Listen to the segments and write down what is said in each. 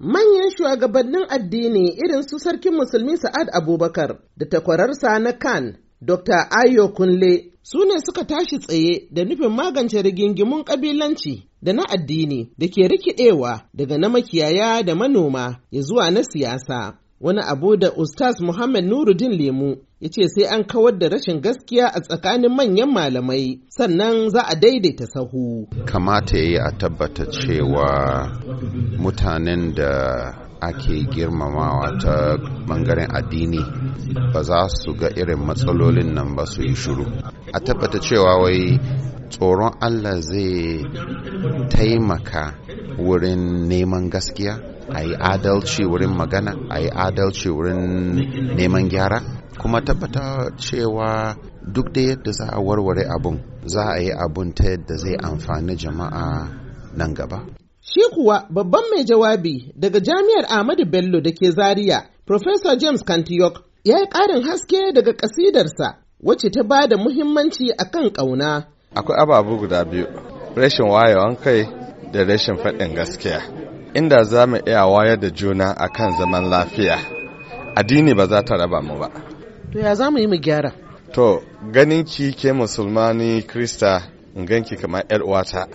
Manyan shugabannin addini irin su sarkin musulmi Sa'ad Abubakar da takwararsa na Kan, Dr. Ayo Kunle, su ne suka tashi tsaye da nufin magance rigingimun ƙabilanci da na addini da ke rikidewa daga na makiyaya da manoma ya zuwa na siyasa. wani abu da Ustaz Muhammad Nuruddin Lemu ya ce sai an kawar da rashin gaskiya a tsakanin manyan malamai sannan za a daidaita sahu. Kamata ya yi a tabbata cewa mutanen da ake girmamawa ta bangaren addini ba za su ga irin matsalolin nan ba su yi shuru. A tabbata cewa wai tsoron allah zai taimaka wurin neman gaskiya a yi adalci wurin magana a yi adalci wurin neman gyara kuma tabbata cewa duk da yadda za a warware abun za a yi abun ta yadda zai amfani jama'a nan gaba Shi kuwa babban mai jawabi daga jami'ar Ahmadu Bello da ke Zaria, Professor James Kantiyok, ya yi ƙarin haske daga ƙasidarsa wacce ta ba da muhimmanci akan ƙauna. akwai ababu guda biyu rashin wayewan kai da rashin faɗin gaskiya inda za mu iya wayar da juna a kan zaman lafiya addini ba za ta raba mu ba to ya za mu yi mu gyara to ganin ki ke musulmani krista in ganki kamar 'yar uwata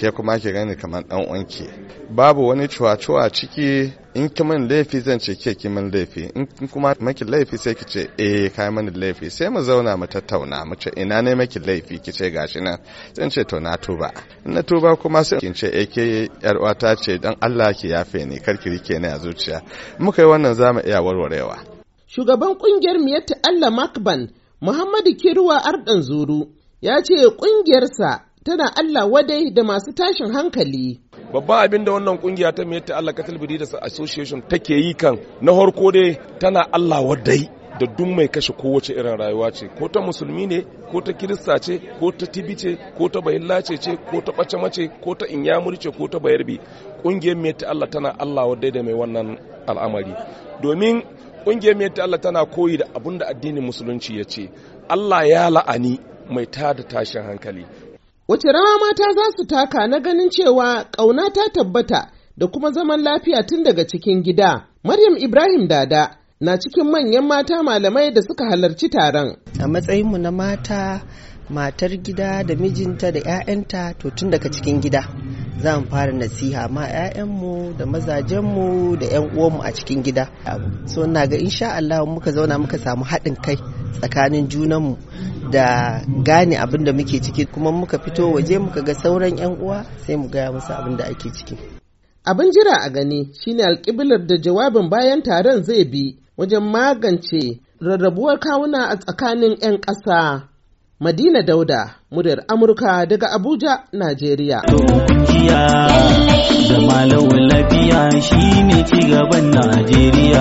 ke kuma ke gani kamar dan uwanki babu wani cuwa-cuwa ciki in ki min laifi zan ce ke ki min laifi in kuma maki laifi sai ki ce eh kai mani laifi sai mu zauna mu tattauna mu ce ina ne maki laifi ki ce gashi nan zan ce to na tuba in na tuba kuma sai kin ce eh ke yar uwata ce dan Allah ki yafe ni kar ki rike ni a zuciya muka yi wannan zamu iya warwarewa shugaban kungiyar miyatta Allah Makban Muhammadu Kirwa Ardan Zuru ya ce kungiyarsa tana Allah wadai da masu tashin hankali. Babban abin da wannan kungiya ta mai ta Allah Cattle Breeders Association take yi kan na harko dai tana Allah wadai da duk mai kashe kowace irin rayuwa ce ko ta musulmi ne ko ta kirista ce ko ta tibi ce ko ta bahilla ce ce ko ta bace mace ko ta inyamuri ce ko ta bayarbi kungiyar mai ta Allah tana Allah wadai da mai wannan al'amari domin kungiyar mai ta Allah tana koyi da abin da addinin musulunci ya ce Allah ya la'ani mai tada tashin hankali Wace rawa mata za su taka na ganin cewa ƙauna ta tabbata da kuma zaman lafiya tun daga cikin gida. Maryam Ibrahim Dada na cikin manyan mata malamai da suka halarci taron. A matsayinmu na mata, matar gida da mijinta da 'ya'yanta to tun daga cikin gida. Za mu fara nasiha ma 'ya'yanmu da mazajenmu da 'yan uwanmu a cikin gida. So na ga insha Allah muka zauna muka samu haɗin kai. tsakanin junanmu da gane abin da muke ciki kuma muka fito waje muka ga sauran 'yan uwa sai mu gaya musu abin da ake ciki. Abin jira a gani shine alƙiblar da jawabin bayan taron zai bi wajen magance rarrabuwar kawuna a tsakanin 'yan ƙasa. Madina Dauda, muryar Amurka daga Abuja, Najeriya. Zama lafiya shine gaban Najeriya.